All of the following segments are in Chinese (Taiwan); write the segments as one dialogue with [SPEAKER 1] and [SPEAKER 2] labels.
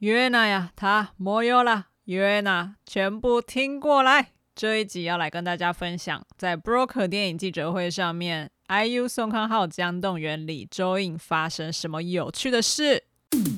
[SPEAKER 1] 約納呀，他沒有了。約納全部聽過來。這一集要來跟大家分享，在《Broker》電影記者會上面，IU、宋康昊、姜棟元、李周映發生什麼有趣的事。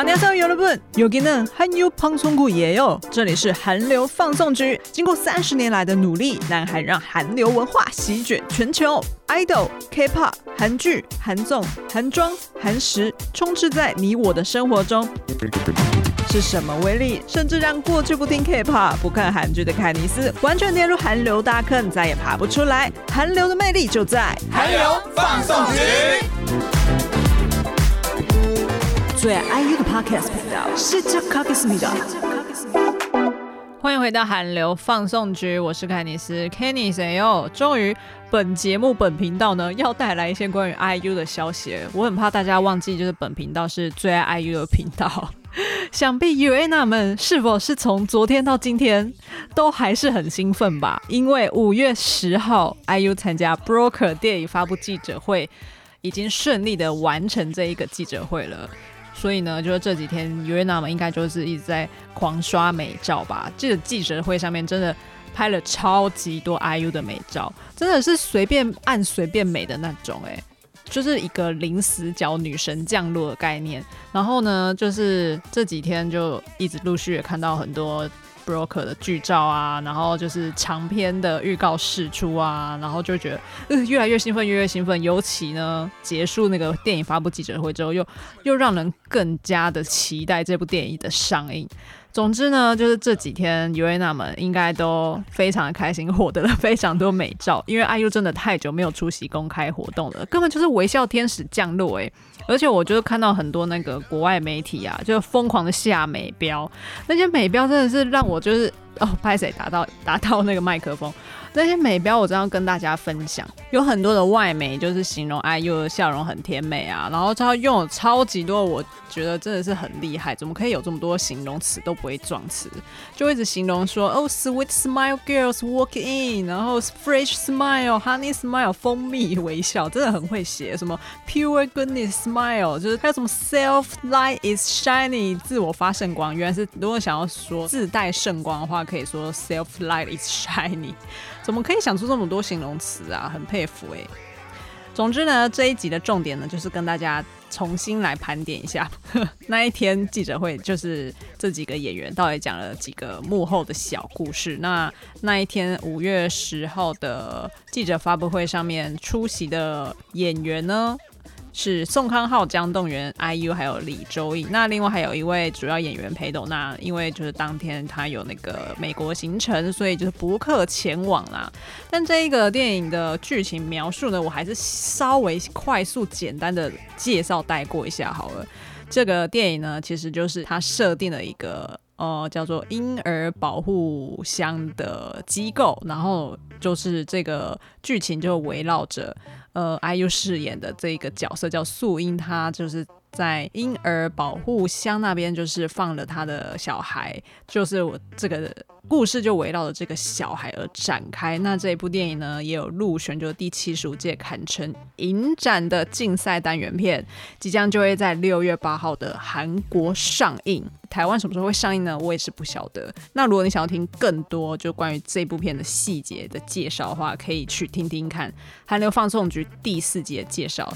[SPEAKER 1] 大家好，여러분有的人很有捧蔥姑也。這裡是韓流放送局。經過三十年來的努力，南韓讓韓流文化席捲全球，idol、K、K-pop、韓劇、韓綜、韓妝、韓食，充斥在你我的生活中。是什麼威力？甚至讓過去不聽 K-pop、pop, 不看韓劇的凱尼斯，完全跌入韓流大坑，再也爬不出來。韓流的魅力就在韓流放送局。最愛 IU 的 Podcast 頻道，歡迎回到韓流放送局，我是凱尼斯 Kenny。哎呦，終於，本節目本頻道呢要帶來一些關於 IU 的消息。我很怕大家忘記，就是本頻道是最愛 IU 的頻道。 想必、y、Uaena 們是否是從昨天到今天都還是很興奮吧？因為五月十號，IU 參加 Broker 電影發布記者會，已經順利的完成這一個記者會了。所以呢，就是這幾天 Uaena 們，應該就是一直在狂刷美照吧。這個記者會上面真的拍了超級多 IU 的美照，真的是隨便按隨便美的那種、欸，哎，就是一個零死角女神降落的概念。然後呢，就是這幾天就一直陸續也看到很多的劇照啊，然後就是長篇的預告釋出啊，然後就覺得嗯、呃，越來越興奮，越來越興奮，尤其呢，結束那個電影發布記者會之後，又又讓人更加的期待這部電影的上映。總之呢，就是這幾天 Uaena 們應該都非常的開心，獲得了非常多美照。因為 IU 真的太久沒有出席公開活動了，根本就是微笑天使降落哎、欸！而且我就是看到很多那個國外媒體啊，就瘋狂的下美標，那些美標真的是讓我就是。哦，拍誰打到打到那個麥克風？那些美標我都要跟大家分享，有很多的外媒就是形容 IU 的笑容很甜美啊，然後他用了超級多，我覺得真的是很厲害，怎麼可以有這麼多形容詞都不會撞詞？就一直形容說哦、oh，sweet smile girls walk in，然後 fresh smile，honey smile，蜂蜜微笑，真的很會寫什麼 pure goodness smile，就是還有什麼 self light is shining，自我發聖光，原來是如果想要說自帶聖光的話。可以說，self light is shiny。怎麼可以想出這麼多形容詞啊？很佩服誒、欸。總之呢，這一集的重點呢，就是跟大家重新來盤點一下呵呵那一天記者會，就是這幾個演員到底講了幾個幕後的小故事。那那一天五月十號的記者發布會上面出席的演員呢？是宋康昊、姜東元、IU 還有李周映，那另外還有一位主要演員裴斗娜，因為就是當天他有那個美國行程，所以就是不克前往啦。但這一個電影的劇情描述呢，我還是稍微快速簡單的介紹帶過一下好了。這個電影呢，其實就是他設定了一個呃叫做嬰兒保護箱的機構，然後就是這個劇情就圍繞着。呃，IU 飾演的這個角色叫素英，她就是。在嬰兒保護箱那邊，就是放了他的小孩，就是我這個故事就圍繞着這個小孩而展開。那這一部電影呢，也有入選就第七十五屆坎城影展的競賽單元片，即將就會在六月八號的韓國上映。台灣什麼時候會上映呢？我也是不曉得。那如果你想要聽更多就關於這部片的細節的介紹的話，可以去聽聽看《韓流放送局》第四集的介紹。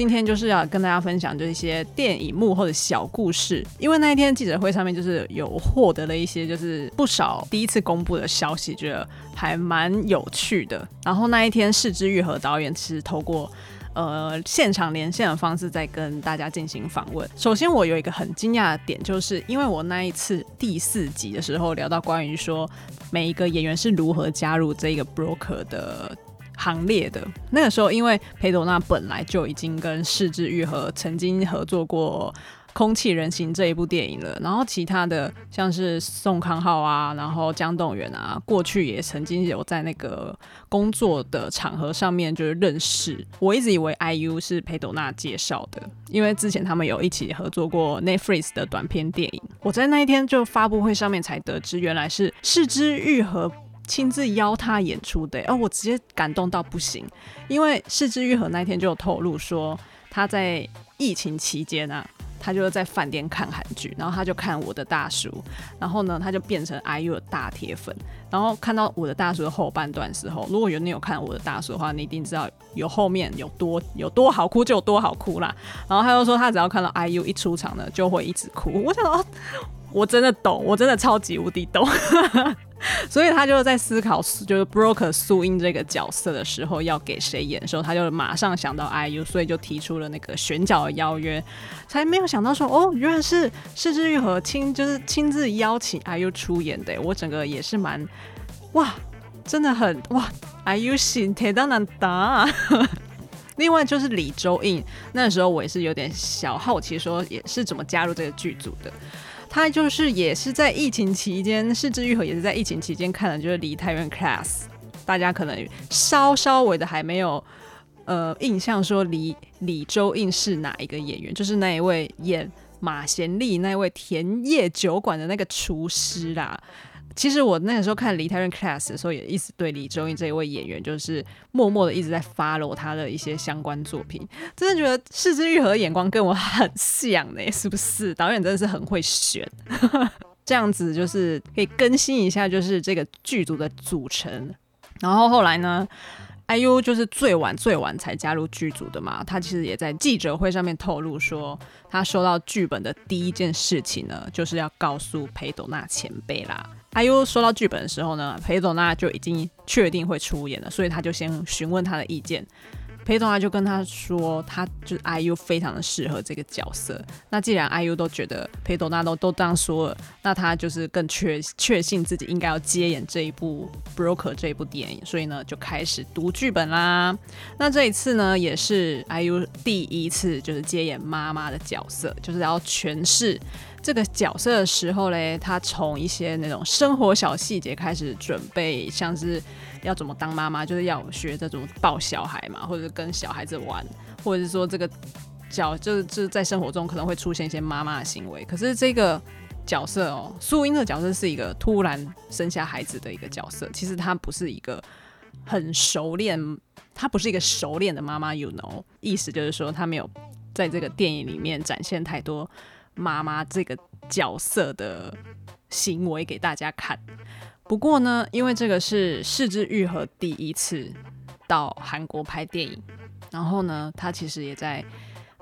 [SPEAKER 1] 今天就是要跟大家分享，就一些電影幕後的小故事。因為那一天記者會上面，就是有獲得了一些，就是不少第一次公布的消息，覺得還蠻有趣的。然後那一天，是枝裕和導演其實透過呃現場連線的方式，在跟大家進行訪問。首先，我有一個很驚訝的點，就是因為我那一次第四集的時候，聊到關於說每一個演員是如何加入這個 broker 的。行列的那個時候，因為裴斗娜本來就已經跟是枝裕和，曾經合作過《空氣人形》這一部電影了，然後其他的像是宋康昊啊，然後姜東元啊，過去也曾經有在那個工作的場合上面就是認識。我一直以為 IU 是裴斗娜介紹的，因為之前他們有一起合作過 Netflix 的短片電影。我在那一天就發佈會上面才得知，原來是是枝裕和，親自邀他演出的，欸，哦，我直接感動到不行。因為是枝裕和那天就有透露說，他在疫情期間啊，他就在飯店看韓劇，然後他就看我的大叔，然後呢，他就變成 IU 的大鐵粉。然後看到我的大叔的後半段時候，如果有你有看我的大叔的話，你一定知道有後面有多有多好哭，就有多好哭啦。然後他又說，他只要看到 IU 一出場呢，就會一直哭。我想啊，我真的懂，我真的超級無敵懂。 所以他就在思考就是 broker 素英這個角色的時候，要給誰演的時候，他就馬上想到 IU，所以就提出了那個選角的邀約，才沒有想到說哦，原來是是枝裕和親就是親自邀請 IU 出演的。我整個也是蠻哇，真的很哇，IU 心鐵蛋蛋達。另外就是李周印，那時候我也是有點小好奇，說也是怎麼加入這個劇組的。他就是也是在疫情期間，是枝裕和也是在疫情期間看的，就是梨泰院 class，大家可能稍稍微的還沒有呃印象說李李周映是哪一個演員，就是那一位演馬賢利那位甜夜酒館的那個廚師啦。其實我那個時候看《梨泰院 Class》的時候，也一直對李周英這一位演員，就是默默的一直在 follow 他的一些相關作品。真的覺得是枝裕和的眼光跟我很像呢、欸，是不是？導演真的是很會選， 這樣子就是可以更新一下，就是這個劇組的組成。然後後來呢，IU 就是最晚最晚才加入劇組的嘛。他其實也在記者會上面透露說，他收到劇本的第一件事情呢，就是要告訴裴斗娜前輩啦。IU 收到劇本的時候呢，裴斗娜就已經確定會出演了，所以他就先詢問他的意見。裴斗娜就跟他說，他就是 IU 非常的適合這個角色。那既然 IU 都覺得裴斗娜都都這樣說了，那他就是更確確信自己應該要接演這一部《Broker》這一部電影，所以呢就開始讀劇本啦。那這一次呢，也是 IU 第一次就是接演媽媽的角色，就是要詮釋。這個角色的時候嘞，他從一些那種生活小細節開始準備，像是要怎麼當媽媽，就是要學著怎麼抱小孩嘛，或者跟小孩子玩，或者是說這個角就是在生活中可能會出現一些媽媽的行為。可是這個角色哦，蘇英的角色是一個突然生下孩子的一個角色，其實她不是一個很熟練，她不是一個熟練的媽媽，you know，意思就是說她沒有在這個電影裡面展現太多。媽媽這個角色的行為給大家看。不過呢，因為這個是是枝裕和第一次到韓國拍電影，然後呢，他其實也在，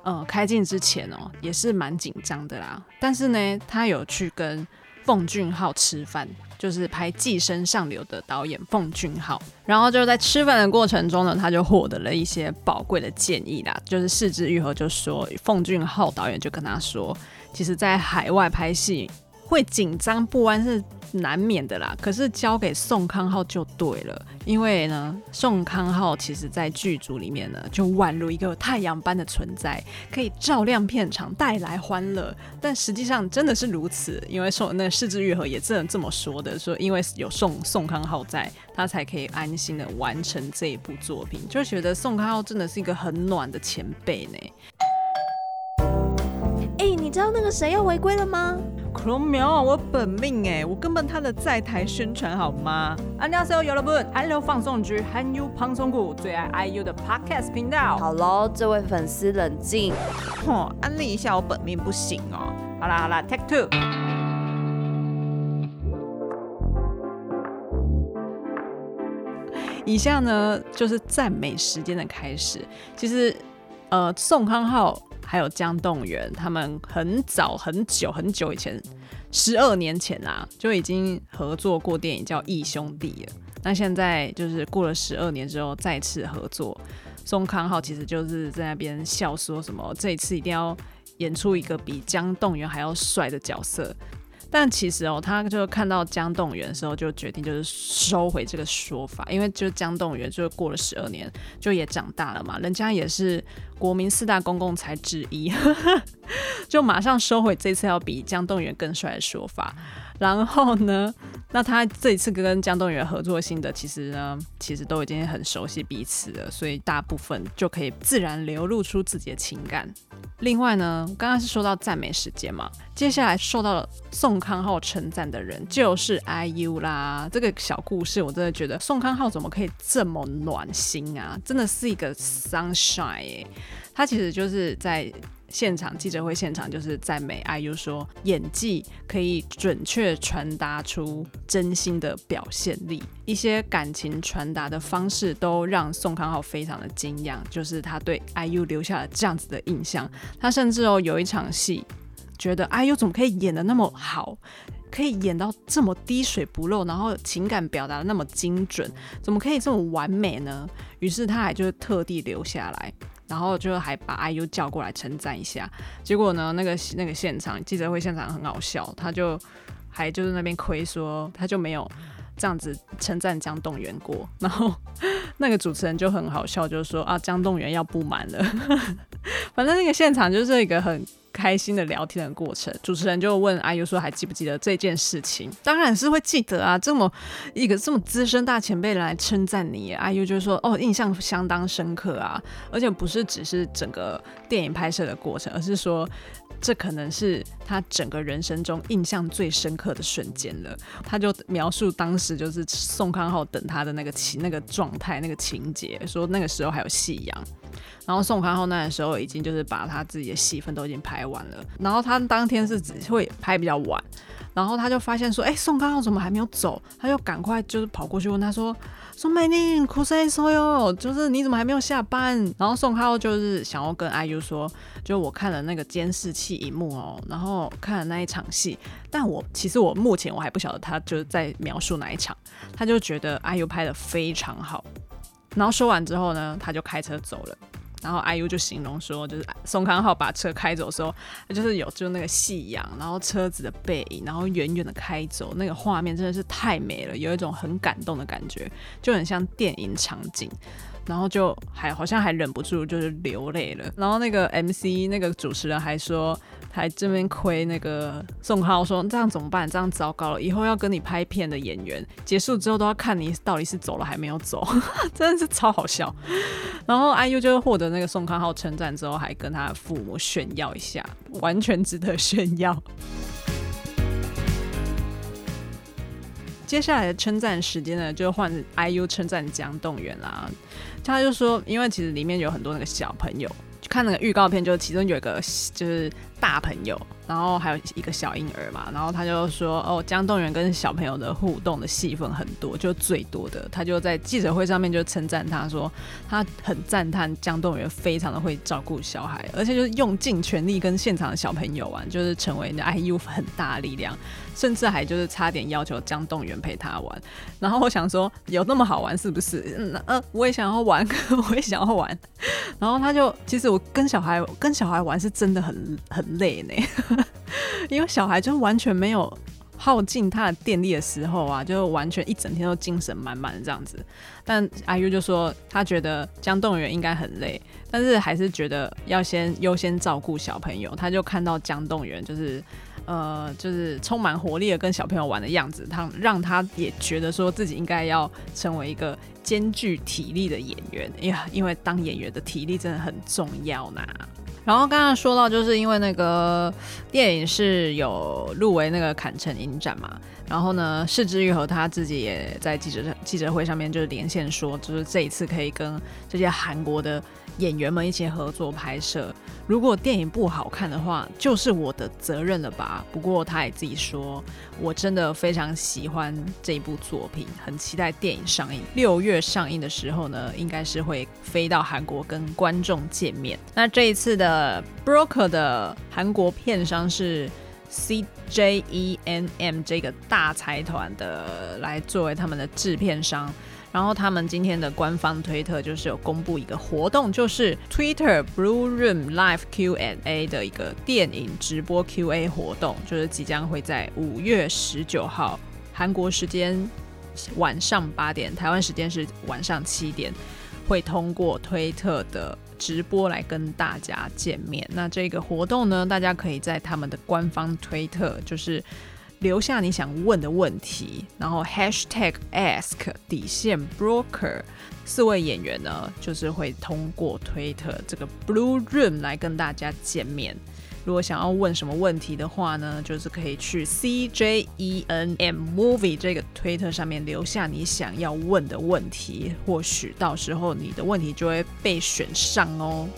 [SPEAKER 1] 呃，開鏡之前哦，也是蠻緊張的啦。但是呢，他有去跟。奉俊昊吃飯，就是拍《寄生上流》的導演奉俊昊，然後就在吃飯的過程中呢，他就獲得了一些寶貴的建議啦。就是是枝裕和就說，奉俊昊導演就跟他說，其實，在海外拍戲。會緊張不安是難免的啦，可是交給宋康昊就對了，因為呢，宋康昊其實在劇組裡面呢，就宛如一個太陽般的存在，可以照亮片場，帶來歡樂。但實際上真的是如此，因為說那是枝裕和也真的這麼說的，說因為有宋宋康昊在，他才可以安心的完成這一部作品，就覺得宋康昊真的是一個很暖的前輩呢。哎、欸，你知道那個誰又回歸了嗎？孔苗，我本命哎，我根本他的在台宣傳好嗎？安家所有遊樂本，還有放鬆區，韓流放送局，最愛 IU 的 Podcast 頻道。好咯，這位粉絲冷靜，哼、哦，安利一下我本命不行哦、喔。好啦好啦，Take two。以下呢就是讚美時間的開始。其實，呃，宋康昊。還有姜東元，他們很早，很久很久以前，十二年前啦、啊，就已經合作過電影叫《義兄弟》了。那現在就是過了十二年之後再次合作，宋康昊其實就是在那邊笑，說什麼這一次一定要演出一個比姜東元還要帥的角色。但其實哦，他就看到姜棟元的時候，就決定就是收回這個說法，因為就姜棟元就過了十二年，就也長大了嘛，人家也是國民四大公共財之一，呵呵就馬上收回這次要比姜棟元更帥的說法，然後呢？那他這一次跟姜東元合作心得，其實呢，其實都已經很熟悉彼此了，所以大部分就可以自然流露出自己的情感。另外呢，剛剛是說到讚美時間嘛，接下來受到了宋康昊稱讚的人就是 IU 啦。這個小故事我真的覺得宋康昊怎麼可以這麼暖心啊，真的是一個 sunshine、欸。他其實就是在。現場記者會現場就是讚美 IU 說演技可以準確傳達出真心的表現力，一些感情傳達的方式都讓宋康昊非常的驚訝，就是他對 IU 留下了這樣子的印象。他甚至哦有一場戲，覺得 IU 怎麼可以演得那麼好，可以演到這麼滴水不漏，然後情感表達得那麼精準，怎麼可以這麼完美呢？於是他還就是特地留下來。然後就還把 IU 叫過來稱讚一下，結果呢，那個那個現場記者會現場很好笑，他就還就是那邊虧說他就沒有這樣子稱讚姜東元過，然後那個主持人就很好笑，就是說啊，姜東元要不滿了， 反正那個現場就是一個很。開心的聊天的過程，主持人就問阿優說：“還記不記得這件事情？”當然是會記得啊！這麼一個這麼資深大前輩來稱讚你，阿優就說：“哦，印象相當深刻啊！而且不是只是整個電影拍攝的過程，而是說這可能是他整個人生中印象最深刻的瞬間了。”他就描述當時就是宋康昊等他的那個情那個狀態那個情節，說那個時候還有夕陽。然後宋康昊那個時候已經就是把他自己的戲份都已經拍完了，然後他當天是只會拍比較晚，然後他就發現說，哎，宋康昊怎麼還沒有走？他就趕快就是跑過去問他說，宋美玲，哭聲說有就是你怎麼還沒有下班？然後宋康昊就是想要跟 IU 說，就我看了那個監視器螢幕哦，然後看了那一場戲，但我其實我目前我還不曉得他就是在描述哪一場，他就覺得 IU 拍得非常好。然後說完之後呢，他就開車走了。然後 IU 就形容說，就是宋康昊把車開走的時候，就是有就那個夕陽，然後車子的背影，然後遠遠的開走，那個畫面真的是太美了，有一種很感動的感覺，就很像電影場景。然後就還好像還忍不住就是流淚了。然後那個 MC 那個主持人還說，還這邊虧那個宋康昊說，這樣怎麼辦？這樣糟糕了，以後要跟你拍片的演員結束之後都要看你到底是走了還沒有走， 真的是超好笑。然後 IU 就獲得那個宋康昊稱讚之後，還跟他的父母炫耀，一下完全值得炫耀。 接下來的稱讚時間呢，就換 IU 稱讚姜棟元啦。他就說，因為其實裡面有很多那個小朋友。看那個預告片，就其中有一個就是大朋友。然後還有一個小嬰兒嘛，然後他就說哦，姜棟元跟小朋友的互動的戲份很多，就最多的，他就在記者會上面就稱讚他說，他很讚嘆姜棟元非常的會照顧小孩，而且就是用盡全力跟現場的小朋友玩、啊，就是成為的 IU 很大力量，甚至還就是差點要求姜棟元陪他玩。然後我想說，有那麼好玩是不是？嗯、呃，我也想要玩，我也想要玩。然後他就，其實我跟小孩跟小孩玩是真的很很累呢。 因為小孩就完全沒有耗盡他的電力的時候啊，就完全一整天都精神滿滿的這樣子。但阿 U 就說他覺得姜東元應該很累，但是還是覺得要先優先照顧小朋友。他就看到姜東元就是呃，就是充滿活力的跟小朋友玩的樣子，他讓他也覺得說自己應該要成為一個兼具體力的演員。哎呀，因為當演員的體力真的很重要吶、啊。然後剛剛說到，就是因為那個電影是有入圍那個坎城影展嘛，然後呢，是枝裕和他自己也在記者記者會上面就是連線說，就是這一次可以跟這些韓國的。演員們一起合作拍攝，如果電影不好看的話，就是我的責任了吧？不過他也自己說，我真的非常喜歡這部作品，很期待電影上映。六月上映的時候呢，應該是會飛到韓國跟觀眾見面。那這一次的 Broker 的韓國片商是 CJENM 這個大財團的來作為他們的製片商。然後他們今天的官方推特就是有公布一個活動，就是 Twitter Blue Room Live Q&A 的一個電影直播 QA 活動，就是即將會在五月十九號韓國時間晚上八點，台灣時間是晚上七點，會通過推特的直播來跟大家見面。那這個活動呢，大家可以在他們的官方推特就是。留下你想問的問題，然後 hashtag ask 底線 broker。四位演員呢，就是會通過推特這個 blue room 來跟大家見面。如果想要問什麼問題的話呢，就是可以去 CJ ENM movie 這個推特上面留下你想要問的問題，或許到時候你的問題就會被選上哦。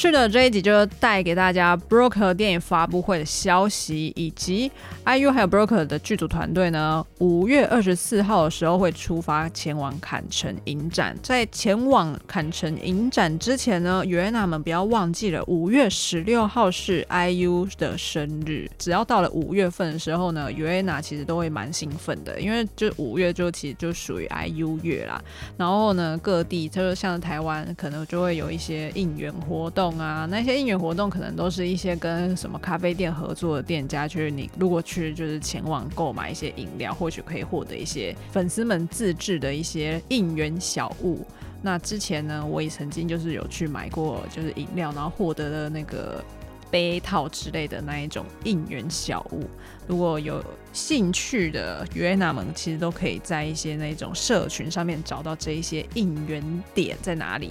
[SPEAKER 1] 是的，這一集就帶給大家《Broker》電影發布會的消息，以及 IU 還有《Broker》的劇組團隊呢。五月二十四號的時候會出發前往坎城影展。在前往坎城影展之前呢，Uaena 們不要忘記了，五月十六號是 IU 的生日。只要到了五月份的時候呢，Uaena 其實都會蠻興奮的，因為就五月就其實就屬於 IU 月啦。然後呢，各地，他說像是台灣，可能就會有一些應援活動。啊，那些應援活動可能都是一些跟什麼咖啡店合作的店家去，就是、你如果去就是前往購買一些飲料，或許可以獲得一些粉絲們自制的一些應援小物。那之前呢，我也曾經就是有去買過就是飲料，然後獲得的那個杯套之類的那一種應援小物。如果有興趣的約納們，其實都可以在一些那種社群上面找到這一些應援點在哪裡。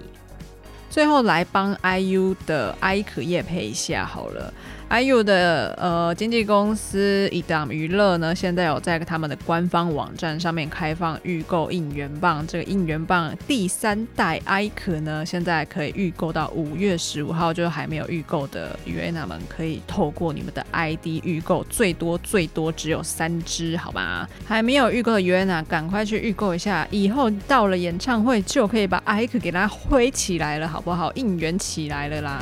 [SPEAKER 1] 最後來幫 IU 的艾可業配一下好了。IU 的呃經紀公司 EDAM 娛樂呢，現在有在他們的官方網站上面開放預購應援棒。這個應援棒第三代 Ike 呢，現在可以預購到五月十五號，就還沒有預購的 Uaena 們、呃呃、可以透過你們的 ID 預購，最多最多只有三支，好吧？還沒有預購的 Uaena、呃、趕快去預購一下，以後到了演唱會就可以把 Ike 給它揮起來了，好不好？應援起來了啦！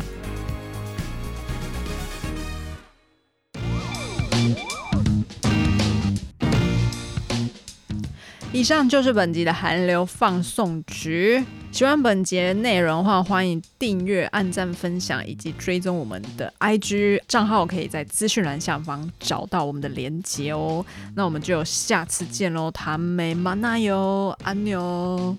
[SPEAKER 1] 以上就是本集的韓流放送局。喜歡本節內容的話，歡迎訂閱、按讚、分享以及追蹤我們的 IG 賬號，可以在資訊欄下方找到我們的連結哦。那我們就下次見嘍，他們曼那喲，安妞。